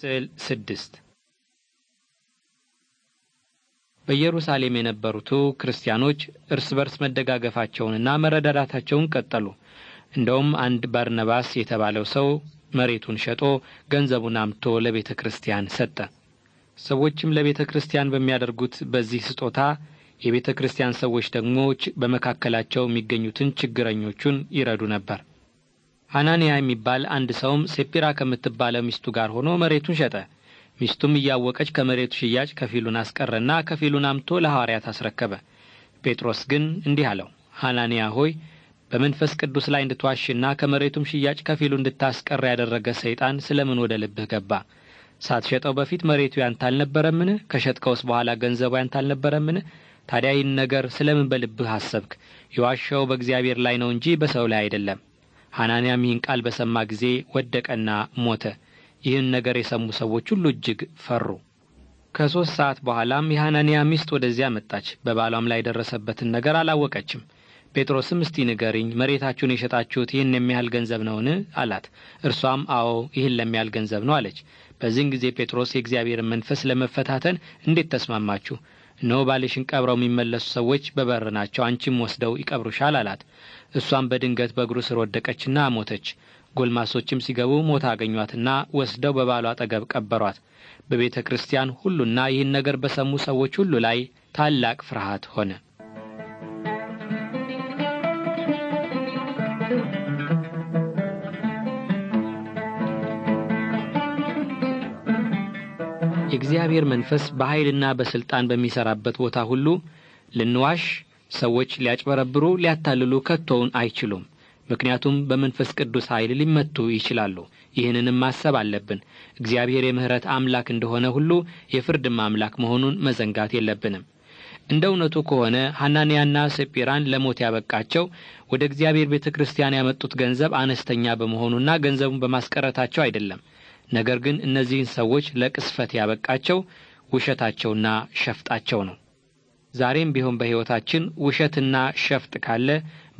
ስዕል ስድስት በኢየሩሳሌም የነበሩቱ ክርስቲያኖች እርስ በርስ መደጋገፋቸውንና መረዳዳታቸውን ቀጠሉ። እንደውም አንድ ባርነባስ የተባለው ሰው መሬቱን ሸጦ ገንዘቡን አምቶ ለቤተ ክርስቲያን ሰጠ። ሰዎችም ለቤተ ክርስቲያን በሚያደርጉት በዚህ ስጦታ የቤተ ክርስቲያን ሰዎች ደግሞ በመካከላቸው የሚገኙትን ችግረኞቹን ይረዱ ነበር። አናንያ የሚባል አንድ ሰውም ሴጲራ ከምትባለ ሚስቱ ጋር ሆኖ መሬቱን ሸጠ። ሚስቱም እያወቀች ከመሬቱ ሽያጭ ከፊሉን አስቀረና ከፊሉን አምቶ ለሐዋርያት አስረከበ። ጴጥሮስ ግን እንዲህ አለው፣ አናንያ ሆይ በመንፈስ ቅዱስ ላይ እንድትዋሽና ከመሬቱም ሽያጭ ከፊሉ እንድታስቀር ያደረገ ሰይጣን ስለምን ወደ ልብህ ገባ? ሳትሸጠው በፊት መሬቱ ያንተ አልነበረምን? ከሸጥከውስ በኋላ ገንዘቡ ያንተ አልነበረምን? ታዲያ ይህን ነገር ስለምን በልብህ አሰብክ? የዋሻው በእግዚአብሔር ላይ ነው እንጂ በሰው ላይ አይደለም። ሐናንያም ይህን ቃል በሰማ ጊዜ ወደቀና ሞተ። ይህን ነገር የሰሙ ሰዎች ሁሉ እጅግ ፈሩ። ከሦስት ሰዓት በኋላም የሐናንያ ሚስት ወደዚያ መጣች። በባሏም ላይ የደረሰበትን ነገር አላወቀችም። ጴጥሮስም እስቲ ንገሪኝ፣ መሬታችሁን የሸጣችሁት ይህን የሚያህል ገንዘብ ነውን? አላት። እርሷም አዎ፣ ይህን ለሚያህል ገንዘብ ነው አለች። በዚህን ጊዜ ጴጥሮስ የእግዚአብሔርን መንፈስ ለመፈታተን እንዴት ተስማማችሁ? እነሆ ባልሽን ቀብረው የሚመለሱ ሰዎች በበር ናቸው፣ አንቺም ወስደው ይቀብሩሻል አላት። እሷም በድንገት በእግሩ ስር ወደቀችና ሞተች። ጎልማሶችም ሲገቡ ሞታ አገኟትና ወስደው በባሏ አጠገብ ቀበሯት። በቤተ ክርስቲያን ሁሉና ይህን ነገር በሰሙ ሰዎች ሁሉ ላይ ታላቅ ፍርሃት ሆነ። የእግዚአብሔር መንፈስ በኃይልና በሥልጣን በሚሠራበት ቦታ ሁሉ ልንዋሽ ሰዎች ሊያጭበረብሩ፣ ሊያታልሉ ከቶውን አይችሉም። ምክንያቱም በመንፈስ ቅዱስ ኃይል ሊመቱ ይችላሉ። ይህንንም ማሰብ አለብን። እግዚአብሔር የምሕረት አምላክ እንደሆነ ሁሉ የፍርድም አምላክ መሆኑን መዘንጋት የለብንም። እንደ እውነቱ ከሆነ ሐናንያና ሰጲራን ለሞት ያበቃቸው ወደ እግዚአብሔር ቤተ ክርስቲያን ያመጡት ገንዘብ አነስተኛ በመሆኑና ገንዘቡን በማስቀረታቸው አይደለም። ነገር ግን እነዚህን ሰዎች ለቅስፈት ያበቃቸው ውሸታቸውና ሸፍጣቸው ነው። ዛሬም ቢሆን በሕይወታችን ውሸትና ሸፍጥ ካለ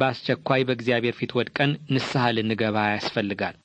በአስቸኳይ በእግዚአብሔር ፊት ወድቀን ንስሐ ልንገባ ያስፈልጋል።